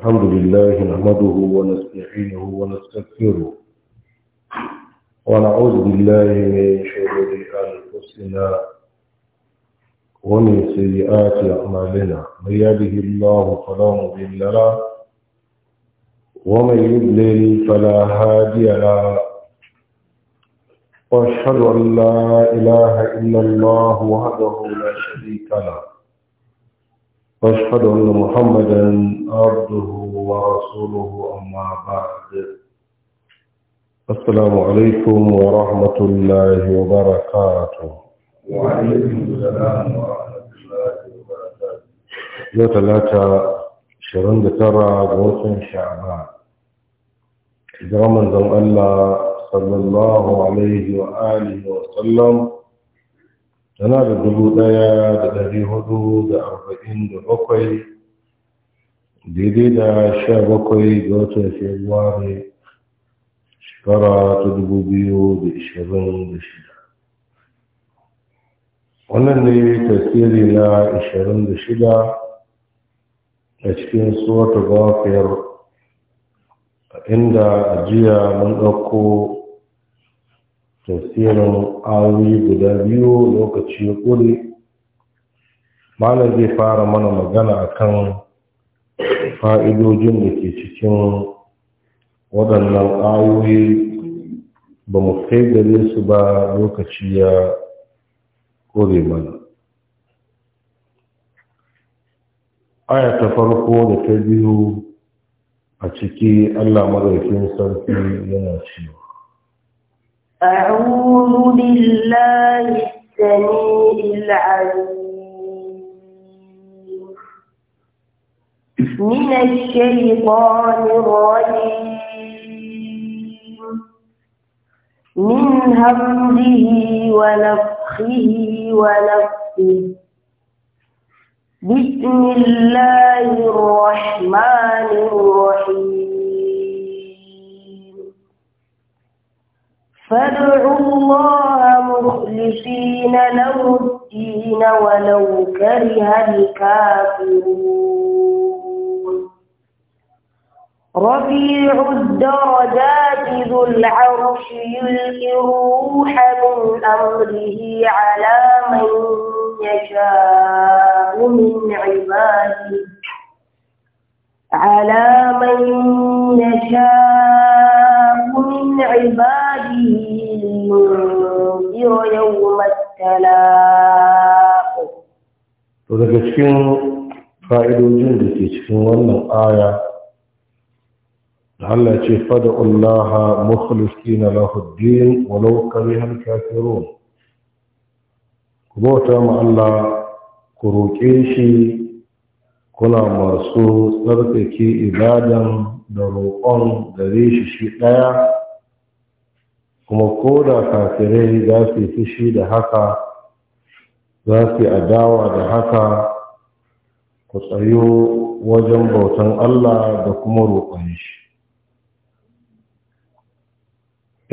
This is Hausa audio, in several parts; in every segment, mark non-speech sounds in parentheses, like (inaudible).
الحمد لله نحمده ونستعينه ونستغفره ونعوذ بالله من شرور انفسنا ومن سيئات اعمالنا من يهده الله فلا مضل له ومن يضلل فلا هادي له واشهد ان لا اله الا الله وحده لا شريك له واشهد ان محمدا عبده ورسوله أما بعد السلام عليكم ورحمة الله وبركاته وعليكم السلام ورحمة الله وبركاته يوم ثلاثة شرن ترى غوث شعبان إجراما زم الله صلى الله عليه وآله وسلم tana da dubu ɗaya da ɗari hudu da arba'in da bakwai daidai da sha bakwai ga watan februari shekara ta dubu biyu da ishirin da shida wannan ne tasiri na ishirin da shida a cikin suwata gafiyar inda ajiya mun ɗauko tasirin awi guda biyu lokaci ya ƙure malam zai fara mana magana a kan. fa'idojin da ke cikin waɗannan ayoyi ba mu kai gare su ba lokaci ya kore mana aya ta farko da ta biyu a ciki allah maraikin sarki yana cewa أعوذ بالله السميع العليم من الشيطان الرجيم من همزه ونفخه ونفخه بسم الله الرحمن الرحيم فادعوا الله مخلصين له الدين ولو كره الكافرون رفيع الدرجات ذو العرش يلقي الروح من أمره على من يشاء من عباده على من يشاء من عباده لينذر يوم التلاق. ولكن فائدة الجند في wannan aya Allah ce fada Allah mukhlisina lahu din walau karihal kafirun ku bauta ma Allah ku roƙe shi kuna masu tsarkake ibadan da roƙon gare shi shi ɗaya kuma ko da kafirai za su yi fushi da haka za su yi adawa da haka ku tsayo wajen bautan Allah da kuma roƙon shi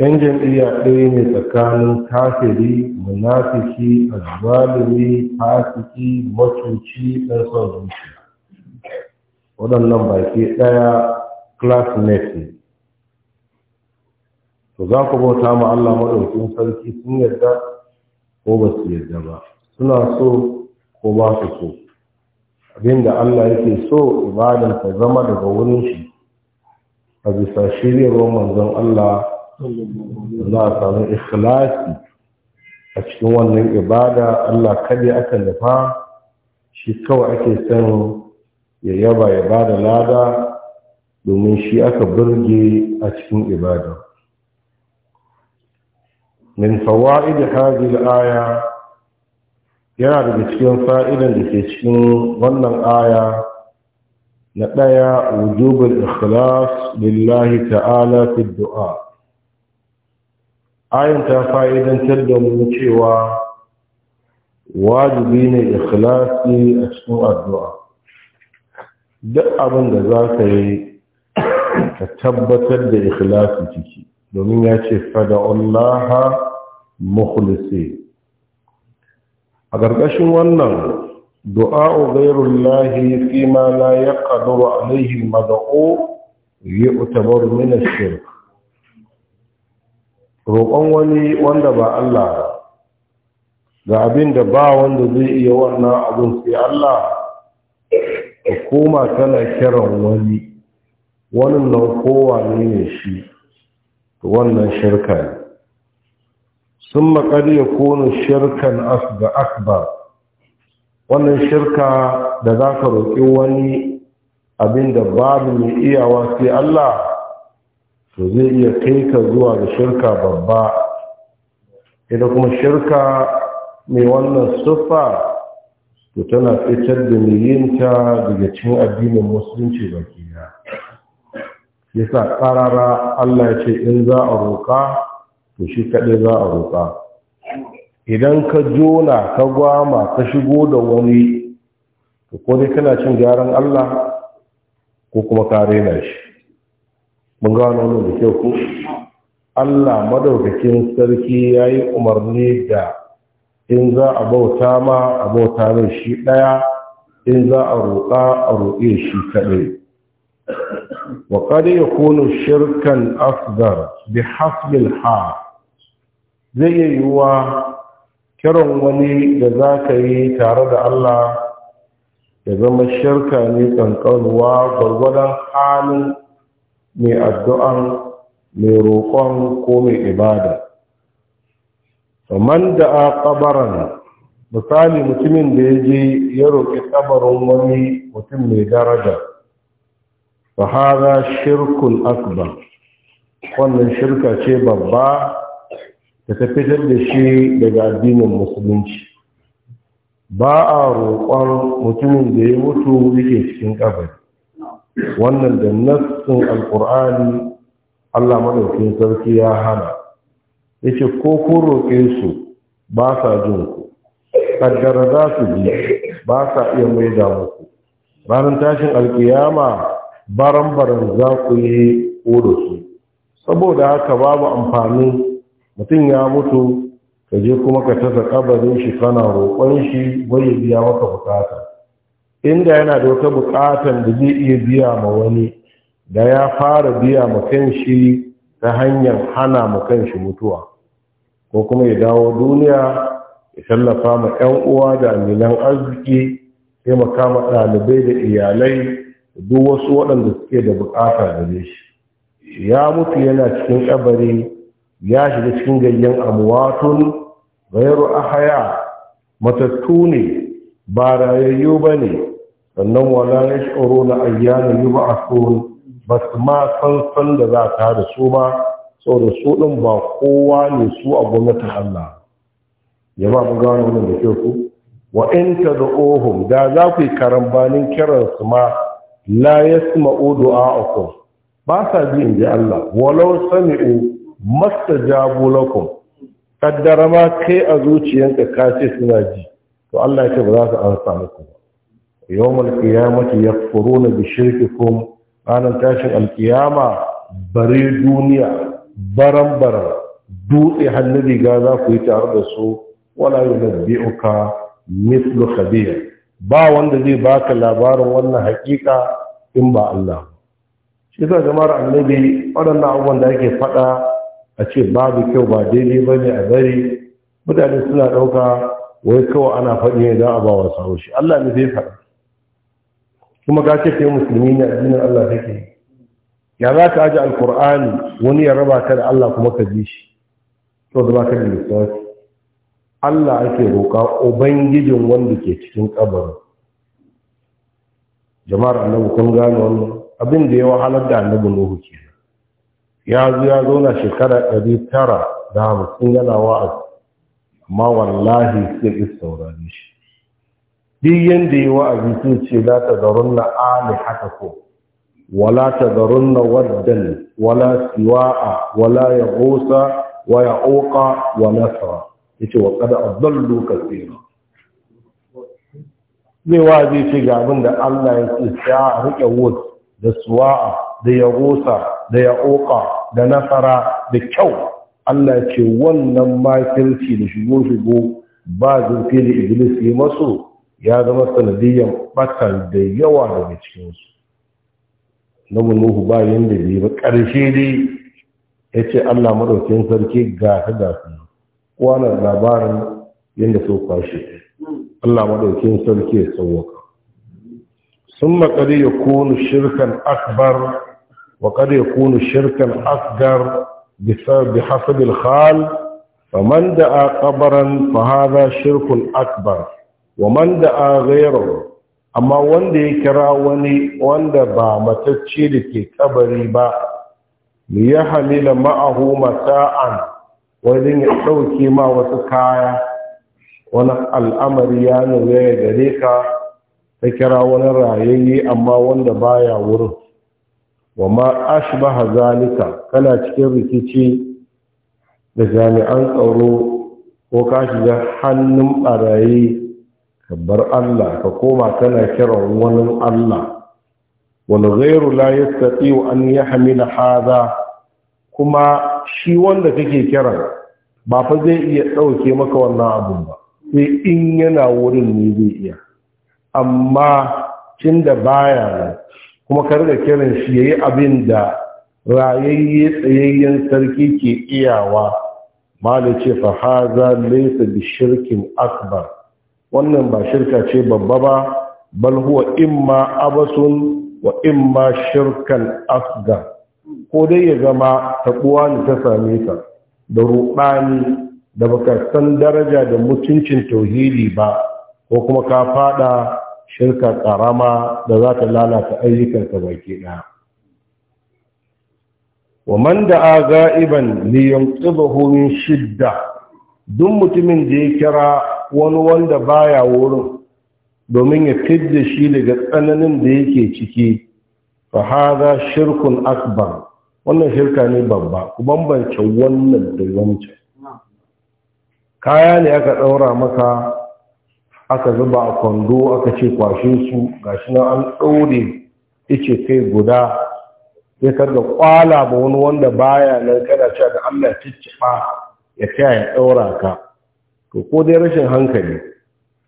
yan jam'iyya ɗaya ne tsakanin kafiri munafiki azzalimi fasiki matuci ɗan son zuciya waɗannan baki ɗaya classmate ne to za ku bauta ma Allah maɗaukin sarki sun yarda ko ba su yarda ba suna so ko ba su so abinda Allah yake so ibadan ta zama daga wurin shi a bisa ruwan manzon Allah za samu ikhlasi a cikin wannan ibada Allah kaɗai aka nufa shi kawai ake son ya yaba ya bada lada domin shi aka burge a cikin ibada min fawa'id hadhihi al-aya yana daga cikin fa'idan da ke cikin wannan aya na ɗaya wujubul ikhlas lillahi ta'ala fi du'a ayin ta fa'idantar da mu cewa wajibi ne ikhlasi a cikin addu'a duk abin da za ka yi ka tabbatar da ikhlasi ciki domin ya ce fada'ullaha mukhlisi a ƙarƙashin wannan du'a'u ghairullahi fi ma la yaqdiru alayhi al-mad'u yu'tabaru min ash-shirk roƙon wani wanda ba Allah ga abin da ba wanda zai iya wannan abin sai Allah ka koma tana kiran wani wannan nan kowa ne ne shi wannan shirka ne sun maƙarya ya kone shirkan akbar wannan shirka da za ka roƙi wani abin da babu mai iyawa sai Allah to zai iya kai ka zuwa ga shirka babba idan kuma shirka mai wannan siffa to tana fitar da miyinta daga cikin addinin musulunci baki ya yasa karara Allah ya ce in za a roƙa to shi kaɗai za a roƙa idan ka jona ka gwama ka shigo da wani ko dai kana cin gyaran Allah ko kuma ka rena shi mun gano wannan da kyau ko Allah madaukakin sarki ya yi umarni da in za a bauta ma a bauta mai shi ɗaya in za a roƙa a roƙe shi kaɗai wa ƙari ya kone shirkan asgar bi hasbil ha zai iya yiwuwa kiran wani da za ka yi tare da Allah ya zama shirka ne ƙanƙanuwa gwargwadon halin mai addu'an mai roƙon ko mai ibada man da a ƙabaran misali mutumin da ya je ya roƙi ƙabarin wani mutum mai daraja Ba haza shirkun akbar wannan shirka ce babba da ta fitar da shi daga addinin musulunci ba a roƙon mutumin da ya mutu yake cikin ƙabari wannan da nassin alkur'ani Allah madaukin sarki ya hana yace ko ko roƙe su ba sa jin ku kaddara za su ji ba sa iya mai da muku ranar tashin alkiyama baran-baran za ku yi ko su saboda haka babu amfani mutum ya mutu ka je kuma ka tasa kabarin shi kana roƙon shi bai biya maka bukata inda yana da wata bukatan da zai iya biya ma wani da ya fara biya ma kan shi ta hanyar hana ma kan shi mutuwa ko kuma ya dawo duniya ya tallafa ma 'yan uwa da aminan arziki sai ma kama ɗalibai da iyalai duk wasu waɗanda suke da bukata da shi ya mutu yana cikin kabari ya shiga cikin gayyan amwatun gairu ahaya matattu ne ba rayayyu ba ne sannan wala ya shi'uru na ayyana yi ba a ba su ma san da za ta da su ba Sau da su ɗin ba kowa ne su a gwamnatin Allah ya ba mu gano ne da kyau ku wa in ta da ohun da za ku yi karambanin kiran su ma la ya ma'o a ku ba sa ji in ji Allah walau sami'u masta jabu lakum kaddara ma kai a zuciyanka ka ce suna ji to Allah ya ce ba za su an samu ku ba yawmal qiyamati yakfuruna bi shirkikum ranar tashin alkiyama bare duniya baran baran dutse hannun riga za ku yi tare da su wala yunabbi'uka mithlu khabir ba wanda zai baka labarin wannan hakika in ba Allah shi da jama'ar annabi waɗannan abubuwan da ake faɗa a ce babu kyau ba daidai ba ne a bari mutane suna ɗauka wai kawai ana faɗi ne za a ba wasu haushi Allah ne zai faɗa kuma ga ce ke musulmi ne addinin Allah take ya za ka aji alkur'ani wani ya raba ta da Allah kuma ka ji shi to da baka da lissafi Allah ake roƙa ubangijin wanda ke cikin kabarin jama'ar annabi kun gane wannan abin da ya wahalar da annabi Nuhu kenan ya zo ya zauna shekara ɗari tara da hamsin yana wa'azi amma wallahi sai ki saurare shi duk yadda yi wa sai ce za ta la haka ko wala na waddan wala siwa'a wala gosa wa ya oka wa nasara, ya ce wa zan adallu kaseera zai wa'azi ce ga abin da Allah ya ce sa a rike wud da suwa'a da gosa da ya oka da nasara da kyau Allah ya ce wannan makirci da shigo shigo ba zurfi da iblis yi maso ya zama sanadiyyar batal da yawa daga cikinsu na nuhu bayan da bai ba ƙarshe dai ya ce allah maɗaukin sarki ga ta ga kwana labarin yadda so kwashe allah maɗaukin sarki ya sauwaka sun maƙari ya kunu shirkan akbar wa ƙari ya kunu shirkan asgar bi hasabil hal faman da a ƙabaran fa shirkun akbar wa man a ghayrahu amma wanda ya kira wani wanda ba matacce da ke kabari ba mu ya hamila ma'ahu mata'an wajen ya ɗauke ma wasu kaya wani al'amari ya nuna ya gare ka ta kira wani rayayye amma wanda baya wurin wa ma ashbaha zalika kana cikin rikici da jami'an tsaro ko ka shiga hannun ɓarayi ka Allah ka koma kana kiran wani Allah wani ghairu la wa an hamila haza kuma shi wanda kake kiran ba fa zai iya ɗauke maka wannan abun ba sai in yana wurin ne zai iya amma cin da baya nan kuma ka riga kiran shi yayi abin da rayayye tsayayyen sarki ke iyawa malai ce fa haza laysa bi shirkin akbar wannan ba shirka ce babba ba bal huwa imma abasun wa imma shirkan asga ko dai ya zama taɓuwa ne ta same ka da ruɓani, da baka san daraja da mutuncin tauhidi ba ko kuma ka fada shirka ƙarama da za ta lalata ayyukanka baki ɗaya wa man da'a ga'iban li yanqidhu min shidda duk mutumin da ya kira wani wanda baya wurin domin ya fidda shi daga tsananin da yake ciki fa haza shirkun akbar wannan shirka ne babba ku bambance wannan da wancan kaya ne aka tsaura maka aka zuba a kwando aka ce kwashe su gashi nan an daure ice kai guda ya karga kwala ba wani wanda baya nan kana cewa da Allah ba ya kai ya daura ka to ko dai rashin hankali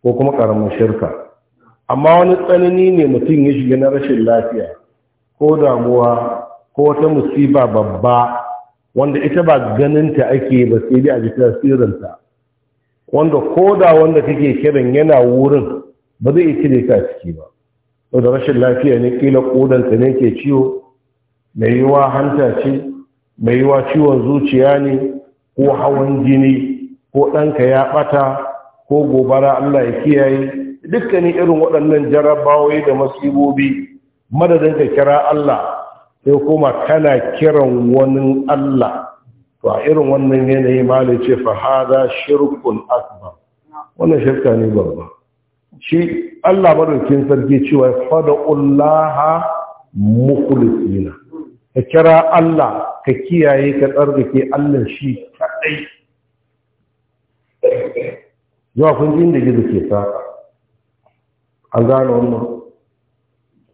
ko kuma ƙaramin shirka amma wani tsanani ne mutum ya shiga na rashin lafiya ko damuwa ko wata musiba babba wanda ita ba ganinta ake ba sai dai a ji tasirinta wanda ko da wanda kake kiran yana wurin ba zai cire ka ciki ba da rashin lafiya ne kila ta ne ke ciwo mai yiwa hanta ce mai yiwa ciwon zuciya ne ko hawan jini ko ɗanka ya ɓata ko gobara Allah ya kiyaye dukkanin irin waɗannan jarabawai da masibobi madadin ka kira Allah sai kuma kana kiran wani Allah to a irin wannan yanayi malai ce fa hada shirkun asba wannan shirka ne babba shi Allah madaukin sarki cewa ullaha mukhlisina ka kira Allah ka kiyaye ka tsarkake Allah shi kaɗai. zuwa kun ji inda gizo ke saka an gane wannan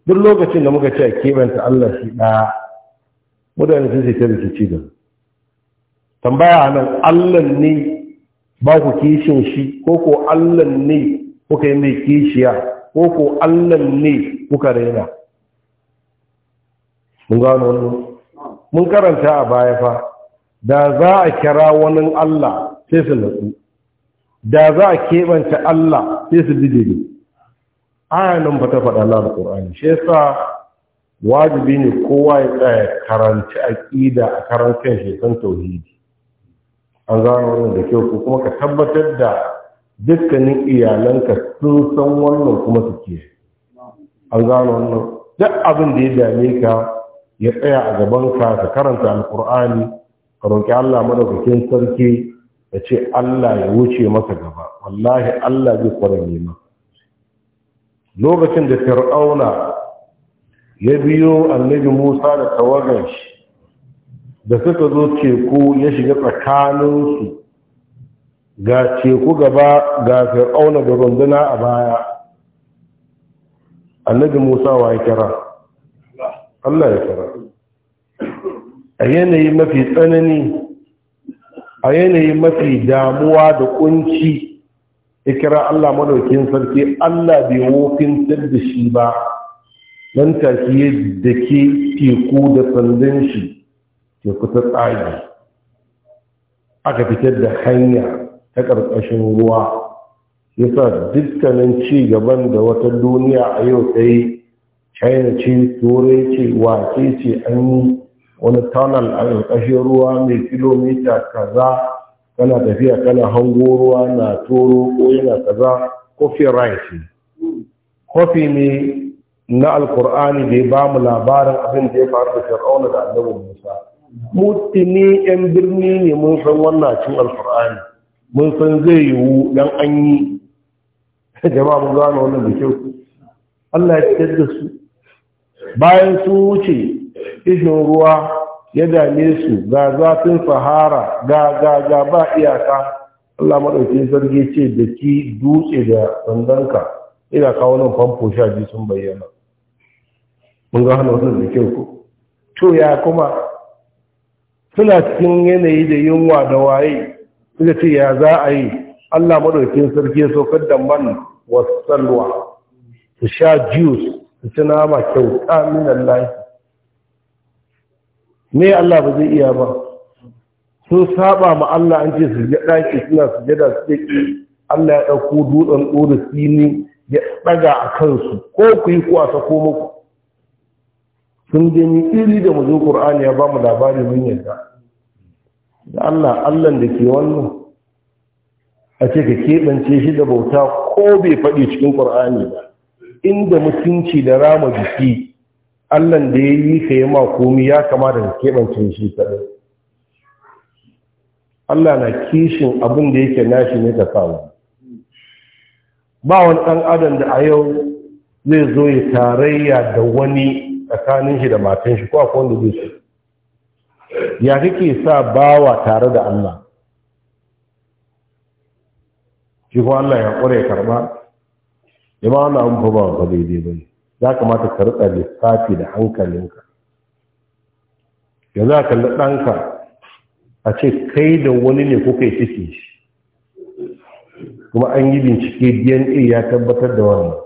duk lokacin da muka ce a kebanta Allah shi ɗaya mutane sun sai ta ci da tambaya nan Allah ne ba ku kishin shi ko ko Allah ne kuka yi mai kishiya ko ko Allah ne kuka raina mun gano wannan mun karanta a baya fa da za a kira wani Allah sai su natsu da za a keɓanta Allah sai su bidiri ayanin ba ta faɗa Allah da Ƙur'ani shi yasa wajibi ne kowa ya tsaya karanci aƙida a karantar shekan tauhidi an gano wannan da kyau ko kuma ka tabbatar da dukkanin iyalanka sun san wannan kuma su ke an gano wannan duk abin da ya dame ka ya tsaya a gaban ka ka karanta alƙur'ani ka roƙi Allah madaukakin sarki ya ce Allah ya wuce maka gaba wallahi Allah zai kwaranye neman. lokacin da fir'auna ya biyo annabi Musa da tawagar shi da suka zo teku ya shiga tsakanin su. ga teku gaba ga fir'auna da runduna a baya annabi Musa wa ya kira Allah ya kira a yanayi mafi tsanani a yanayi mafi damuwa da kunci ya kira Allah madaukin sarki Allah bai wofin da shi ba nan take da ke teku da sandan shi ya kusa tsagi aka fitar da hanya ta ƙarƙashin ruwa Ya sa dukkanin ci gaban da wata duniya a yau ta china ce turai ce wace ce an yi wani tunnel a ƙarƙashin ruwa mai kilomita kaza kana tafiya kana hango ruwa na toro ko yana kaza kofi rice. kofi ne na alkur'ani da ya ba mu labarin abin da ya faru da fir'auna da annabi musa ne yan birni ne mun san wannan cin alkur'ani mun san zai yiwu dan an yi jama'a mun gano wannan da kyau Allah ya fitar da su bayan sun wuce ishin ruwa ya dame su ga zafin sahara ga ga ga ba iyaka Allah maɗaukin sarki ce da ki dutse da sandanka ina kawo nan famfo sha ji sun bayyana mun ga hana wannan da kyau ko to ya kuma suna cikin yanayi da yunwa da waye suka ce ya za a yi Allah maɗaukin sarki ya saukar da man wasalwa su sha juice su ci nama kyauta min Allah me Allah ba zai iya ba sun saba ma Allah an ce su gada ke suna su gada su dake Allah ya ɗauko dutsen ɗora sini ya ɗaga a kansu ko ku yi ku a sako muku sun gani iri da mu zo ya ba mu labari mun yarda da Allah Allah da ke wannan a ce ka keɓance shi da bauta ko bai faɗi cikin ƙur'ani ba inda mutunci da rama jiki allan da ya yi ka yi ma komi ya kamata da keɓancin shi kaɗai allah na kishin abin da yake nashi ne ta samu ba wani ɗan adam da a yau zai zo ya tarayya da wani tsakanin shi da matan shi ko akwai da zai shi ya kake sa bawa tare da allah shi ko allah ya ƙure karɓa ya ba wani abin ba daidai ba ya kamata ka rika lissafi da hankalinka yanzu a kalli ɗanka a ce kai da wani ne kuka yi ciki shi kuma an yi bincike dna ya tabbatar da wannan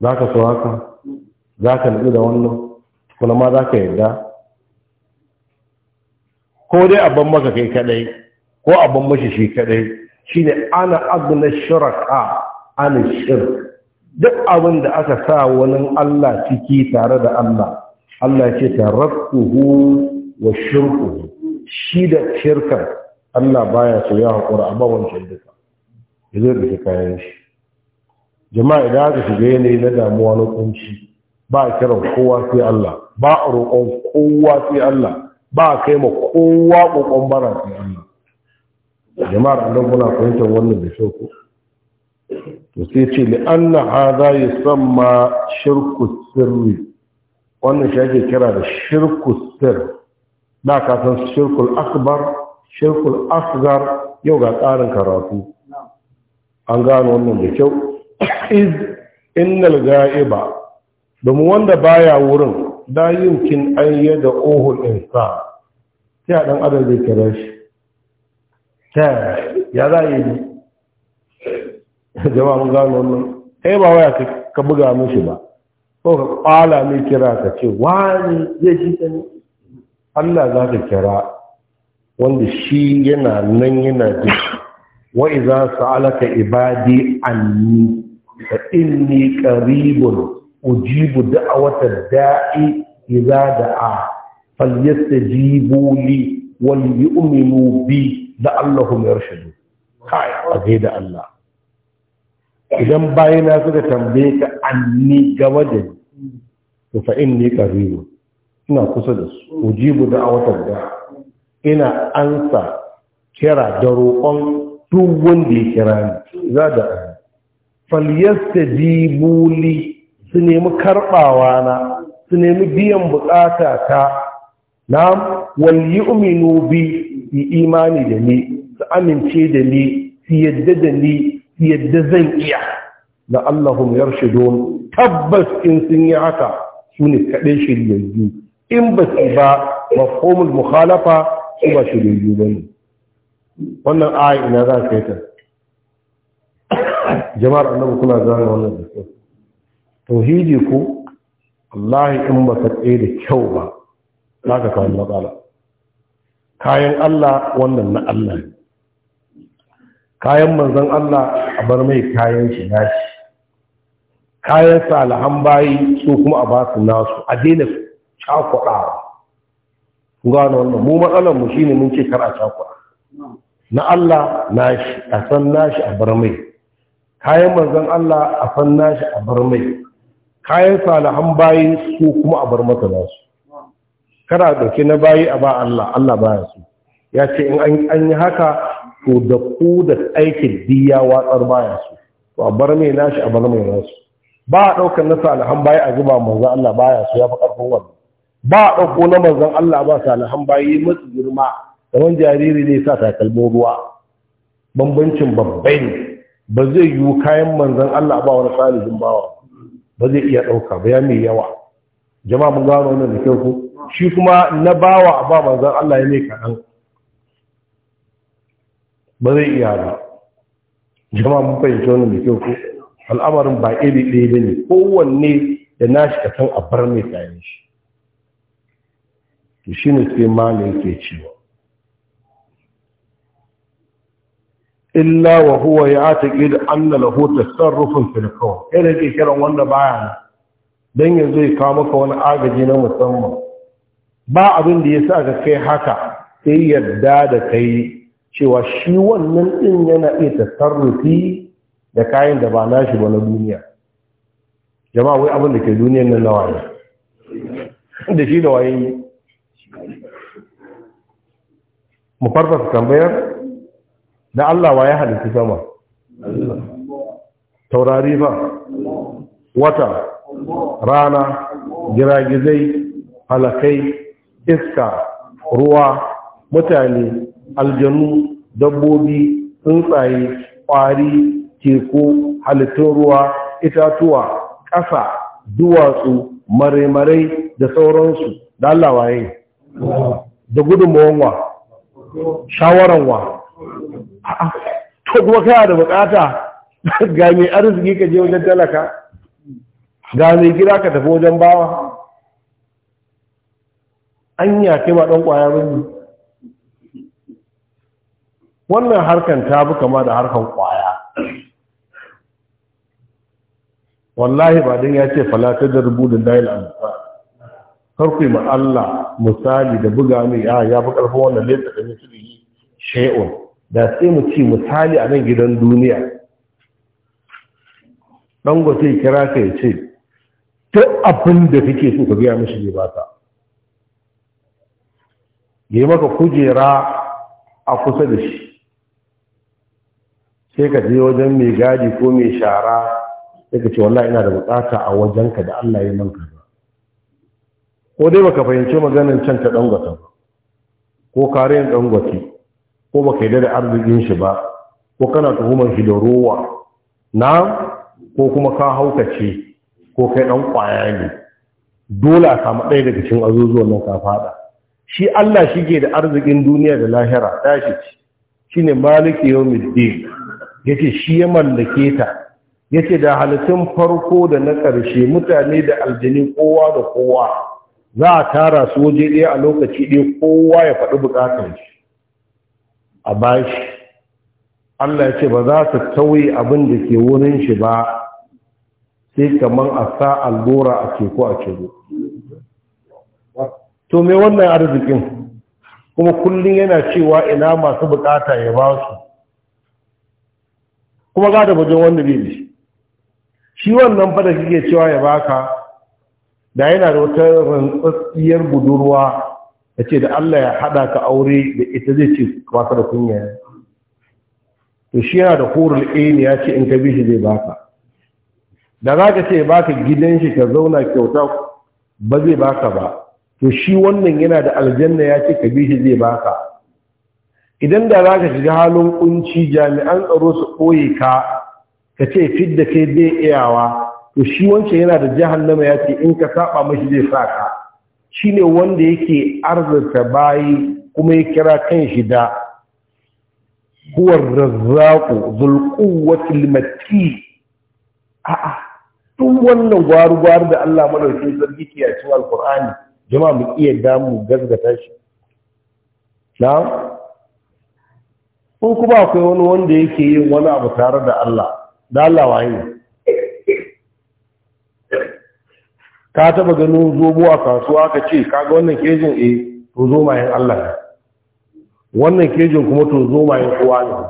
za ka so haka za ka nutsu da wannan kuna ma za ka yarda ko dai abin maka kai kadai ko abin mashi shi kadai shine ana abu na shiraka ana shirka duk abin da aka sa wani Allah ciki tare da Allah Allah ce ta hu wa shirku shi da shirkar Allah baya so ya haƙura a wancan duka ya zai da kayan shi jama'a idan aka shiga yanayi na damuwa na kunci ba a kiran kowa sai Allah ba a roƙon kowa sai Allah ba a kai ma kowa ƙoƙon bara sai Allah Jama'a da muna fahimtar wannan da shauku to sai ce li'anna hadha yusamma shirku sirri wannan shi ake kira da shirku sirri, da ka san shirkul akbar shirkul asghar yau ga tsarin karatu an gano wannan da kyau iz innal ga'iba domin wanda baya wurin da yumkin an da ohul insa sai a dan adam zai kira shi ta ya za yi jama'a mun gano wannan kai eh, ba waya ka buga mishi ba ko ka kwala mai kira ka ce wani zai ji ka ne Allah za ka kira wanda shi yana nan yana ji wa idza sa'alaka ibadi anni fa inni qaribun ujibu wata da'i idza da'a falyastajibu li wal yu'minu bi la'allahum yarshudun kai a da Allah idan bayina suka tambaye ka anni gama da ni to fa ni karibu ina kusa da su ujibu wata da ina ansa kira da roƙon duk wanda ya kira ni za da falyastajibu li su nemi karɓawa na su nemi biyan buƙata ta na wal yu'minu bi imani da ni su amince da ni su yadda da ni yadda zan iya Na la'allahum don tabbas in sun yi haka su ne kaɗai shiryayyu in ba su ba mafhumul mukhalafa su ba shiryayyu ba ne wannan aya ina za ka yi ta jama'ar annabi kuna gane wannan da kyau tauhidi ko wallahi in ba ka tsaye da kyau ba za ka kawo matsala kayan Allah wannan na Allah ne kayan manzan Allah a bar mai kayan shi nashi kayan salahan bayi su kuma a ba su nasu a daina cakuɗawa gano wannan mu matsalar mu shine mun ce kar a cakuɗa na Allah nashi a san nashi a bar mai kayan manzan Allah a san nashi a bar mai kayan salahan bayi su kuma a bar mata nasu kada dauke na bayi a ba Allah Allah baya su ya ce in an yi haka to da ku da aikin diya watsar bayan su to a bar mai nashi a bar mai nasu ba a ɗaukar na alhan bayi a zuba manzan Allah baya su ya fi ƙarfin wani ba a ɗauko na manzan Allah ba salihan alhan yi masu girma kamar jariri ne sa takalmin ruwa bambancin babbai ne ba zai yiwu kayan manzan Allah ba wani salihin bawa ba zai iya ɗauka ba ya mai yawa jama'a mun gano wannan da kyau ko shi kuma na bawa ba manzan Allah ya ne kaɗan ba zai iya ba jama'a mun fahimci wannan da kyau ko al'amarin ba iri ɗaya ba ne kowanne da nashi ka san a bar mai tsaye shi to shi ne sai malin ke cewa illa wa huwa ya taƙi da an na lahota sarrufin filkawar ke kiran wanda baya don yanzu ya kawo maka wani agaji na musamman ba abin da ya sa ka kai haka sai yadda da kai cewa shi wannan ɗin yana iya tasarrufi da kayan da ba nashi ba na duniya jama'a wai abin da ke duniyan nan na waye da shi da waye yi mu farfasa tambayar da Allah ya halittu sama taurari ba wata rana giragizai halakai iska ruwa mutane aljanu dabbobi tsuntsaye ƙwari teku halittun ruwa itatuwa ƙasa duwatsu marai-marai da sauransu da Allah waye da gudunmawanwa shawaranwa to kuma da bukata (laughs) ga mai arziki ka je wajen talaka ga mai gida ka tafi wajen bawa An kai ba dan kwaya wani wannan harkan ta bi kama da harkan kwaya wallahi ba don ya ce falata da rubutun dail amsa karku ma Allah misali da buga mai ya ya fi karfin wannan leta da yi shay'un da sai mu ci misali a nan gidan duniya dangote kira ka ya ce duk abin da kake so ka gaya mishi ne ba ta yi maka kujera a kusa da shi sai ka je wajen mai gadi ko mai shara sai ka ce wallahi ina da bukata a wajenka da Allah ya manka ba ko dai baka fahimci maganar can ta dangwata ba ko kare yin dangwati ko baka yi da arzikin shi ba ko kana tuhumar shi da rowa na ko kuma ka haukace ko kai dan kwaya ne dole a samu ɗaya daga cikin azuzuwan nan ka fada shi Allah shi ke da arzikin duniya da lahira tashi ne maliki yawmiddin ce shi ya mallake ta yace da halittun farko da na ƙarshe mutane da aljini kowa da kowa za a tara su waje ɗaya a lokaci ɗaya kowa ya faɗi buƙatar shi a bashi Allah ya ce ba za su tauye abin da ke wurin shi ba sai kamar a sa albora a teku a ciro to me wannan arzikin kuma kullum yana cewa ina masu bukata ya ba su kuma za ta bajin wanda bai shi wannan fada kike cewa ya baka da yana da wata rantsatsiyar budurwa da ce da Allah ya hada ka aure da ita zai ce baka da kunya to shi yana da hurul aini ya ce in ka bi shi zai baka da za ka ce baka gidan shi ka zauna kyauta ba zai baka ba to shi wannan yana da aljanna ya ce ka bi shi zai baka idan da za ka shiga halin kunci jami'an tsaro su ɓoye ka ka ce fidda kai zai iyawa to shi wancan yana da nama ya ce in ka saba mashi zai sa ka shi ne wanda yake arzata bayi kuma ya kira kan shi da huwar razzaku zulkuwatul mati a'a tun wannan gwaru da Allah madaukin sarki ke a cikin alkur'ani jama'a mu iya damu gazgata shi na'am in kuma akwai wani wanda yake yin wani abu tare da Allah da Allah wa ne ka taba ganin zobo a kasuwa ka ce kaga wannan kejin eh to zo mayin Allah ne wannan kejin kuma to zo mayin kowa ne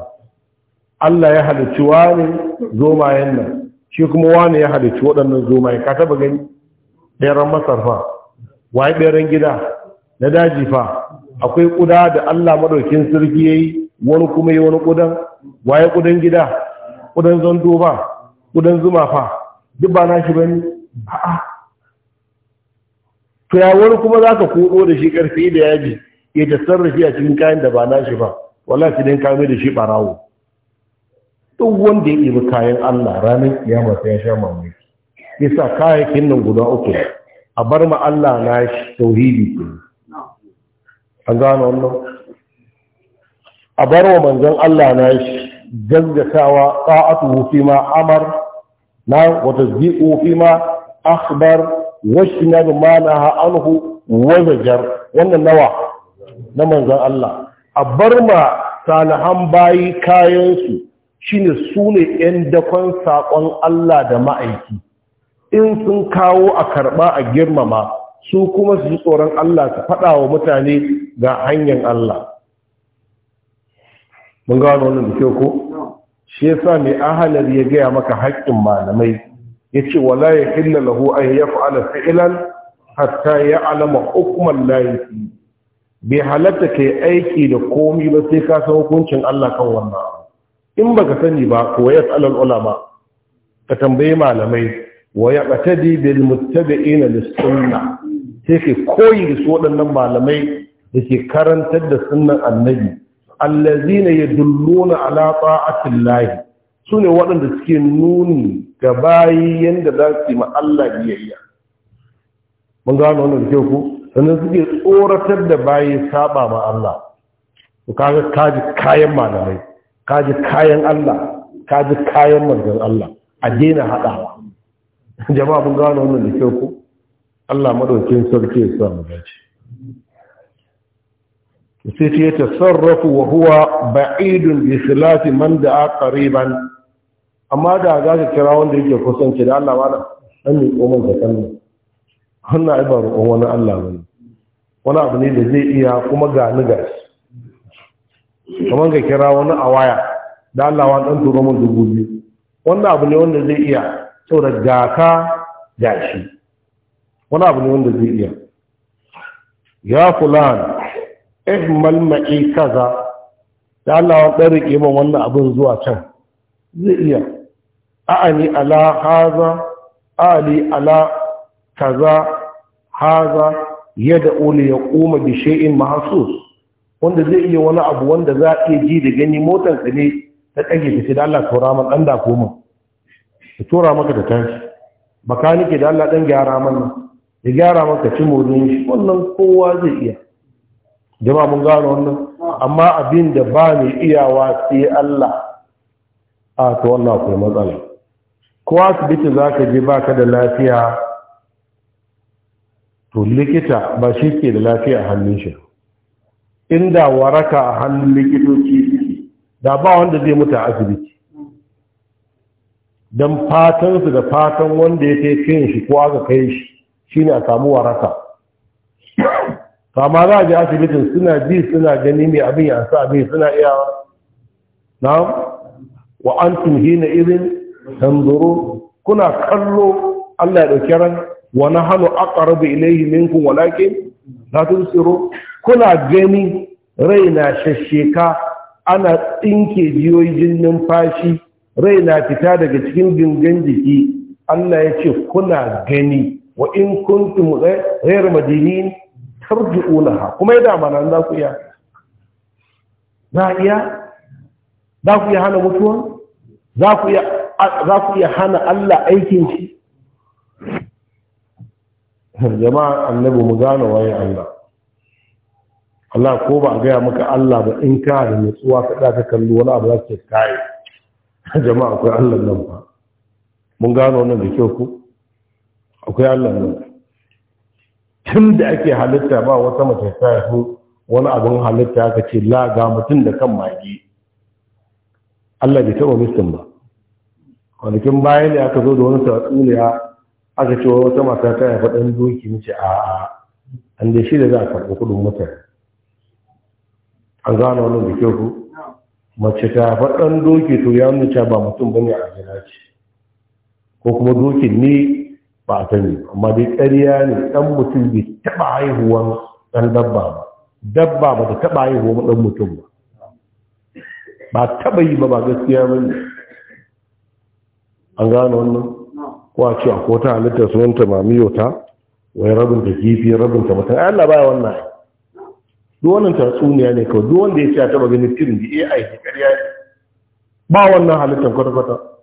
Allah ya halicci wani zo mayin nan shi kuma wani ya halicci waɗannan zo mayin ka taba gani ɗeran masarfa, waye ɗeran gida na daji fa akwai ƙuda da Allah madaukin sarki yayi wani kuma yi wani ƙudan waye ƙudan gida ƙudan zando ba ƙudan zuma fa duk ba na shi ba ne Ba'a. to ya wani kuma za ka koɗo da shi ƙarfi da yaji ya ta sarrafi a cikin kayan da ba na shi ba wala shi don kame da shi ɓarawo duk wanda ya ɗibi kayan Allah ranar kiyama sai ya sha mamaki yasa kayayyakin nan guda uku a bar ma Allah na shi tauhidi ke an gano wannan a bar wa manzan Allah na gaggatawa ta'atuhu fi ma amar na wa tasdiqu fi ma akhbar wa shinab ma naha anhu wa wannan nawa na manzon Allah a bar ma salihan bayi kayansu shine su ne ‘yan dakon saƙon Allah da ma'aiki, in sun kawo a karɓa a girmama su kuma su ji tsoron Allah su faɗa wa mutane ga hanyar Allah. mun gano wannan da kyau ko shi yasa mai ahalar ya gaya maka haƙƙin malamai ya ce wala ya illa lahu an yaf'ala fi'lan hatta ya'lama hukman lahi bai halatta kai aiki da komai ba sai ka san hukuncin Allah kan wannan in baka sani ba ko ya tsalal ulama ka tambayi malamai wa ya qatadi bil muttabi'ina lis sunnah sai ke koyi da su waɗannan malamai da ke karantar da sunnan annabi allazina yadulluna ala ta'atillahi sune waɗanda suke nuni ga bayi yanda za su ma Allah biyayya mun ga wannan da ku sannan suke tsoratar da bayi saba ma Allah kaga kaji kayan malamai kaji kayan Allah kaji kayan manzon Allah a daina hadawa jama'a mun ga wannan da ku Allah madaukin sarki ya sa mu dace sai ce ta sarrafa wa huwa ba'idun bi salati man da'a qariban amma da za ka kira wanda yake kusanci da Allah wala dan mi komai da kan hanna ai ba roƙon wani Allah bane wani abu ne da zai iya kuma ga ni ga kamar ka kira wani a waya da Allah wani dan turo mun dubu biyu wannan abu ne wanda zai iya saboda gaka gashi wani abu ne wanda zai iya ya fulani ihmal eh, ma'i kaza da Allah ya dan rike min wannan abin zuwa can zai iya a'ani ala haza ali ala kaza haza yada uli ya kuma bi shay'in mahsus wanda zai iya wani abu wanda za a iya ji da gani motar ka ne ta kage ta da Allah tura min dan da koma ta tura maka ta tashi ke da Allah dan gyara mana ya gyara maka ci ne wannan kowa zai iya jama mun gano wannan amma abin da ba mai iyawa sai Allah a to wannan akwai matsala ko asibiti za ka je baka da lafiya to likita ba shi ke da lafiya a hannun shi inda waraka a hannun likitoci da ba wanda zai mutu a asibiti don fatansu da fatan wanda ya kai shi ko aka kai shi shine a samu waraka ba ma za a ji asibitin suna bi suna gani mai abin ya sa abin suna iya na wa an na irin tanzuru kuna kallo Allah ya ɗauki ran wa na hannu aqrabu ilayhi minkum walakin la tusiru kuna gani rai na shasheka ana tsinke jiyoyin numfashi rai na fita daga cikin gangan jiki Allah ya ce kuna gani wa in kuntum ghayr madinin ha, kuma yadda dama nan za ku iya za iya za ku iya hana mutuwa za ku iya hana Allah aikin shi jama'a annabi mu gane waye Allah Allah ko ba a gaya maka Allah ba in ka da nutsuwa ka da ka kalli wani abu za ka kai jama'a akwai Allah nan ba mun gano wannan da kyau ku akwai Allah nan tun da ake halitta ba wata mace ta haifu wani abin halitta aka ce la ga mutum da kan mage Allah bai taɓa mistin ba kwanakin bayan da aka zo da wani tatsuniya aka ce wata mata ta haifa ɗan doki mace a a an da shi da za a karɓi kuɗin mutane an gano wani da kyau mace ta haifa ɗan doki to ya nuna ba mutum bane a jira ce ko kuma dokin ne ba sani amma dai ƙarya ne ɗan mutum bai taɓa haihuwan ɗan dabba ba dabba ba ta taɓa haihuwan ɗan mutum ba ba taɓa yi ba ba gaskiya ba ne an gano wannan ko a ce a kota halittar sunanta ta, wai rabin ta kifi ta mutum ai Allah baya wannan duk wannan tatsuniya ne kawai duk wanda ya ce a taɓa ganin tirin da AI ne ƙarya ba wannan halittar kwata-kwata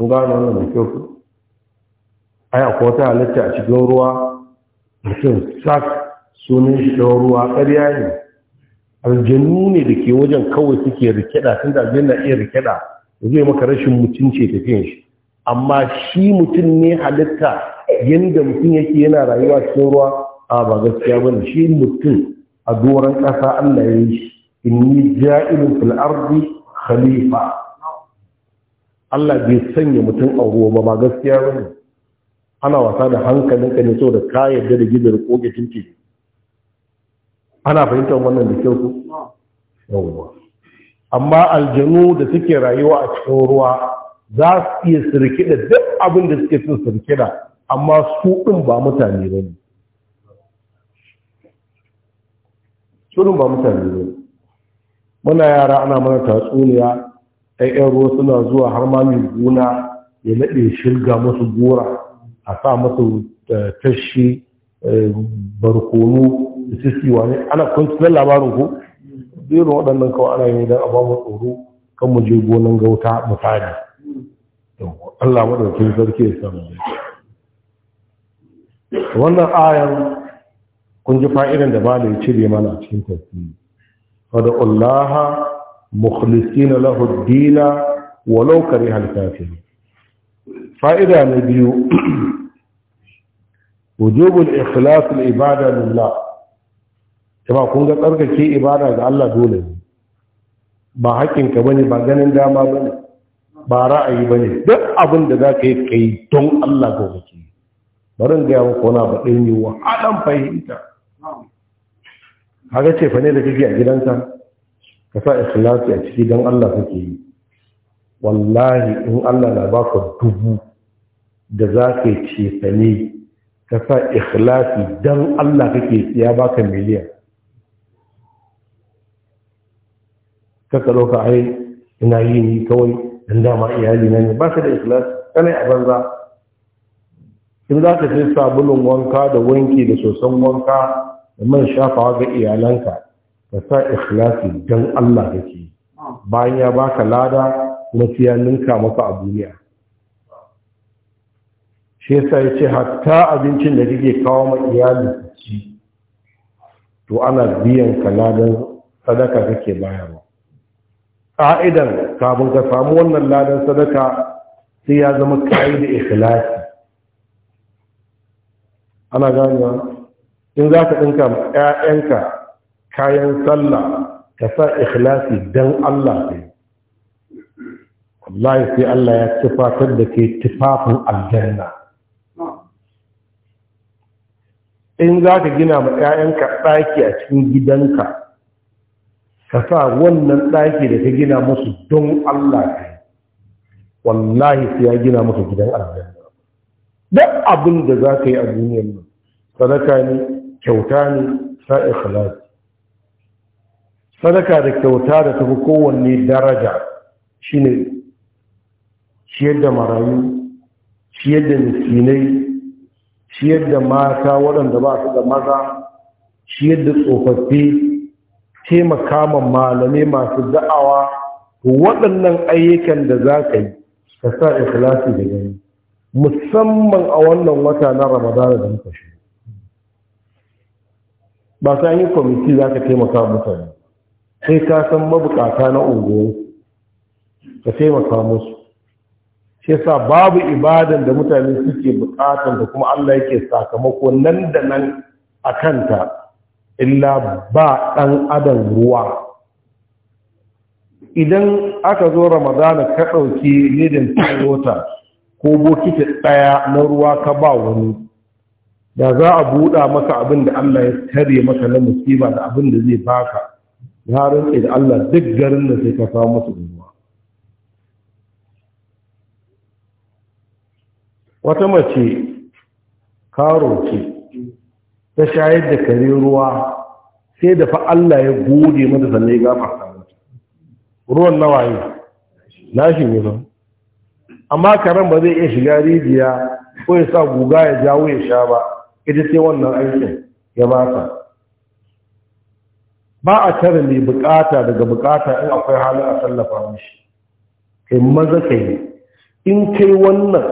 an gano wannan da kyau ai akwai wata halitta a cikin ruwa mutum sak sunan shi da ruwa ƙarya ne aljanu ne da ke wajen kawai suke rikida tun da na iya rikida zai maka rashin ta fiye shi amma shi mutum ne halitta yadda mutum yake yana rayuwa cikin ruwa a ba gaskiya ba ne shi mutum a doron ƙasa Allah ya yi shi inni ja'ilun fil ardi khalifa Allah bai sanya mutum a ruwa ba ba gaskiya ba ne ana wasa da hankalin ka ne saboda ka yarda da gidan koke tinki ana fahimtar wannan da kyau ku yawwa amma aljanu da suke rayuwa a cikin ruwa za su iya da duk abin da suke sirke da amma su ɗin ba mutane ba ne su ɗin ba mutane ba ne muna yara ana mana tatsuniya ɗan ruwa suna zuwa har ma mai gona ya naɗe shirga masu gora a sa masu eh, tashi eh, barkono da sisiwa ne ana kwanciyar labarin ko irin waɗannan kawai ana yi don a ba mu tsoro kan mu je gonan gauta misali Allah maɗaukin sarki ya samu wannan ayan kun ji fa'idan da ba da ya cire mana cikin tafiye wadda Allah mukhlisina lahu ad-dina walau kariha al-kafirun fa'ida na biyu wujubul ikhlas al-ibada lillah kuma kun ga tsarkake ibada ga Allah dole ne ba haƙinka bane ba ganin dama bane ba ra'ayi bane duk abin da zaka yi kai don Allah ga kake barin ga yawa kona ba ɗin yi wa haɗan fahimta haka ce fa ne da kake a gidansa ka sa ikhlasi a ciki don Allah kake yi wallahi in Allah na baka dubu da za ka yi cefane ka sa ikhlasi don Allah kake ya baka miliyan kaka ɗauka ai ina yi ni kawai dan dama iyali na ne ba ka da ikhlasi kana a banza in za ka sai sabulun wanka da wanki da soson wanka da man shafawa ga iyalanka ka sa ikhlasi don Allah kake bayan ya baka lada kuma sai ninka maka a duniya shi yasa yace hatta abincin da kake kawo ma iyali ci to ana biyan ka ladan sadaka kake bayarwa ka'idan kafin ka samu wannan ladan sadaka sai ya zama kayi da ikhlasi ana ganewa in za ka ɗinka 'ya'yanka kayan sallah ka sa ikhlasi dan Allah ne wallahi sai Allah ya tufatar da ke tufafin aljanna in za ka gina ma 'ya'yanka ɗaki a cikin gidanka ka sa wannan ɗaki da ka gina musu don Allah ne wallahi sai ya gina musu gidan aljanna duk abin da za ka yi a duniyar nan sadaka ne kyauta ne sa ikhlasi sadaka da kyauta da tafi kowanne daraja shine ciyar da marayu ciyar da miskinai ciyar da mata waɗanda ba su da maza ciyar da tsofaffi taimaka ma malamai masu da'awa waɗannan ayyukan da za ka yi ka sa ikhlasi da gani musamman a wannan wata na ramadana da muka shi ba sa an yi kwamiti za ka taimaka mutane sai ka san mabukata na unguwa ka taimaka musu shi yasa babu ibadan da mutane suke bukatan da kuma Allah yake sakamako nan da nan a kanta illa ba ɗan adam ruwa idan aka zo ramadana ka ɗauki nidin toyota ko bokiti ɗaya na ruwa ka ba wani da za a buɗa maka abin da Allah ya tare maka na musiba da abin da zai baka ya rinke da Allah duk garin da sai ka musu ruwa wata mace karo ce ta shayar da kare ruwa sai da fa Allah ya gode mata sannan ya gafarta mata ruwan nawa yi. lashi ne ba amma karen ba zai iya shiga rijiya ko ya sa guga ya jawo ya sha ba ita sai wannan aikin ya ba ta ba a tare mai bukata daga bukata in akwai halin a tallafa mashi kai maza ka yi in kai wannan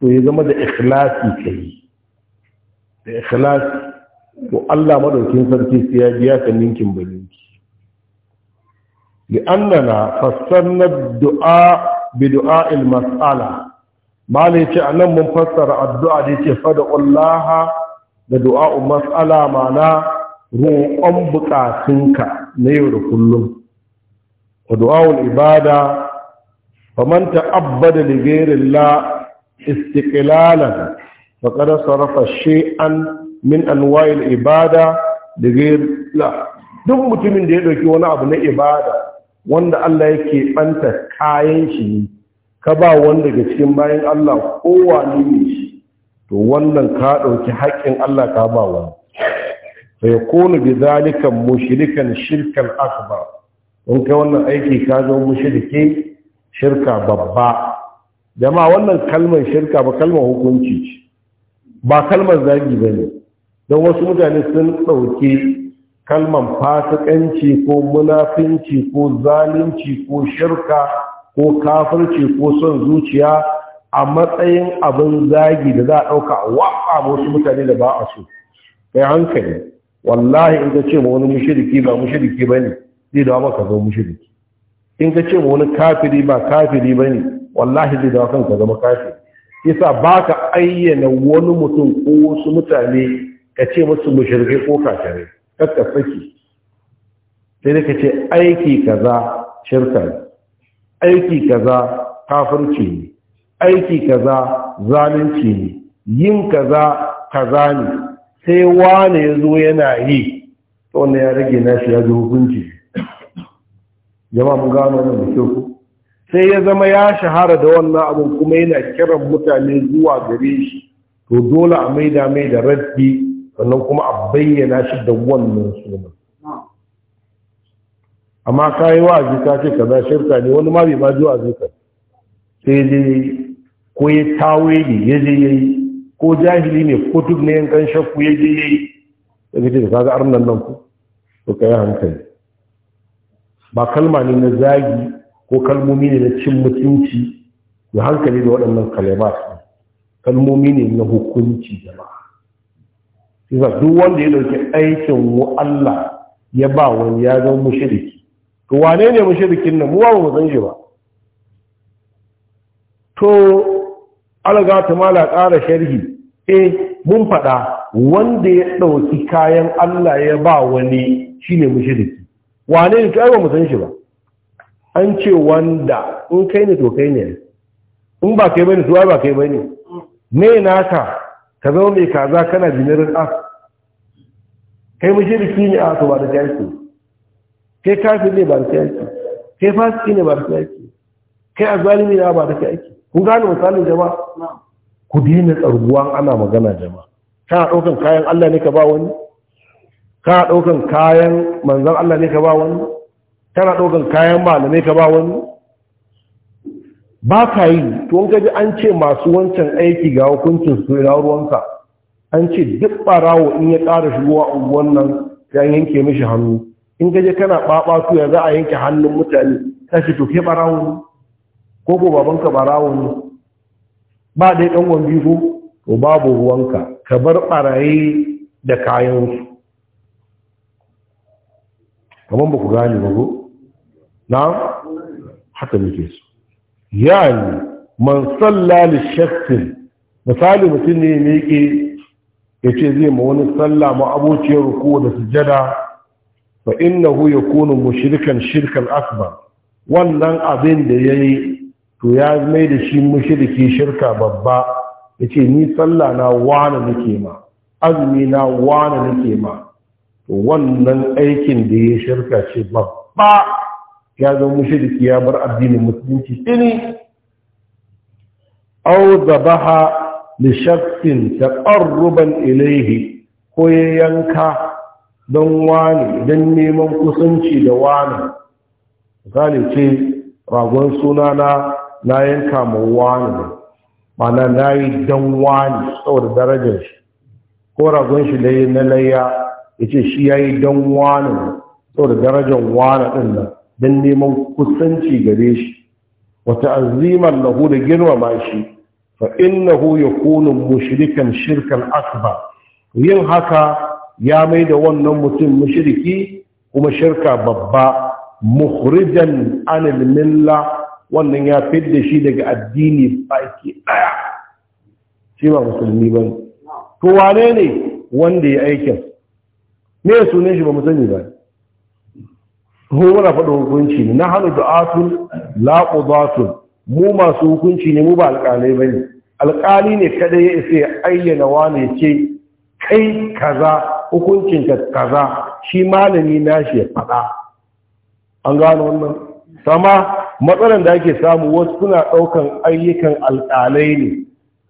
to ya zama da ikhlasi ka yi da ikhlasi to Allah madaukin sarki sai ya biya ka ninkin balinki li'annana fassarna du'a bi du'a al-mas'ala mala yace anan mun fassara addu'a da yace fada Allah da du'a mas'ala ma'ana roƙon buƙatunka na yau da kullum wa du'awul ibada faman ta'abbada li ghayrillah istiqlalan faqad sarafa shay'an min anwa'il ibada li duk mutumin da ya ɗauki wani abu na ibada wanda Allah yake banta kayan shi ka ba wanda daga cikin bayan Allah kowa ne shi to wannan ka ɗauki haƙƙin Allah ka ba wani فيكون بذلك مشركا شركا اكبر shirkan akbar in kai wannan aiki ka zo mushrike shirka babba jama'a wannan kalmar shirka ba kalmar hukunci ce ba kalmar zagi ba ne. don wasu mutane sun ɗauki kalman fasikanci ko munafinci ko zalunci ko shirka ko kafirci ko son zuciya a matsayin abin zagi da za a ɗauka waɓa wasu mutane da ba a so kai hankali wallahi in ka ce ma wani mushriki ba mushriki bane zai dawo maka zo mushriki in ka ce ma wani kafiri ba kafiri bane wallahi zai dawo kanka zama kafiri yasa baka ayyana wani mutum ko wasu mutane ka ce musu mushrike ko kafirai kar ka saki sai da ka ce aiki kaza shirka ne aiki kaza kafirci ne aiki kaza zalunci ne yin kaza kaza ne sai wane ya zo yana yi ta wanda ya rage nashi ya ji hukunci jama'a mu gano wani da kyau sai ya zama ya shahara da wannan abin kuma yana kiran mutane zuwa gare shi to dole a maida mai da rabbi sannan kuma a bayyana shi da wannan sunan amma ka yi wa'azi ka ce kaza shirka ne wani ma bai ma ji wa'azi ka sai dai ko ya ne ya je yi ko jahili ne ko duk ne yankan shakku ya je yayi da kace da kaga arnan nan ku to kai hankali ba kalma ne na zagi ko kalmomi ne na cin mutunci da hankali da waɗannan kalimat kalmomi ne na hukunci jama'a isa duk wanda ya dauki aikin Allah ya ba wani ya zama mushriki to wane ne mushrikin nan mu ba mu san shi ba to alga ta mala ƙara sharhi eh mun faɗa wanda ya ɗauki kayan Allah ya ba wani shine mushriki wane ne kai ba mu san shi ba an ce wanda in kai ne to kai ne in ba kai bane to ba kai bane me naka ka zama mai kaza kana jimirin as kai mushriki ne a to ba da jahilci kai kafir ne ba da jahilci kai fasiki ne ba da jahilci kai azalimi ne ba da jahilci kun gane misalin jama'a ku daina tsarguwan ana magana jama'a kana ɗaukan kayan Allah ne ka ba wani kana ɗaukan kayan manzan Allah ne ka ba wani kana ɗaukan kayan malamai ka ba wani ba ka yi to an gaji an ce masu wancan aiki ga hukuncin su ina ruwanka an ce duk barawo in ya ƙara shigowa unguwan nan ya yanke mishi hannu in gaji kana ɓaɓa su ya za a yanke hannun mutane ta to ke ɓarawo ko ko babanka barawo ne ba dai ɗan wambi ko to babu ruwanka ka bar ɓaraye da kayan su. kamar ba ku gane ba ko na haka muke su yani man salla li misali mutum ne ne yake ya ce zai ma wani sallah ma abociyar ruku da sujada fa innahu yakunu mushrikan shirkan akbar wannan abin da yayi to ya mai da shi mushriki shirka babba yace ni sallah na wane nake ma azumi na wane nake ma wannan aikin da ya shirka ce babba ya zo mushriki ya bar addinin musulunci tini aw zabaha li shakhsin taqarruban ilayhi ko ya yanka don wane don neman kusanci da wani misali ragon suna na na yanka ma wani mana na yi don wani saboda darajar shi ko ragon shi da na layya ya ce shi ya yi don wani saboda darajar wani ɗin nan don neman kusanci gare shi wata azimar lahu da girmama shi fa ya yakunu mushrikan shirkan asuba. yin haka ya mai da wannan mutum mushriki kuma shirka babba mukhrijan anil milla wannan ya fidda shi daga addini baki daya shi ba musulmi ba to wane ne wanda ya aikin me sunan shi ba mu sani ba ko wala faɗa hukunci ne na halu du'atul la qudatul mu masu hukunci ne mu ba alƙalai bane alƙali ne kada ya isa ya ayyana wane ce kai kaza ka kaza shi malami nashi ya faɗa an gano wannan sama matsalan da ake samu wasu suna ɗaukan ayyukan alƙalai ne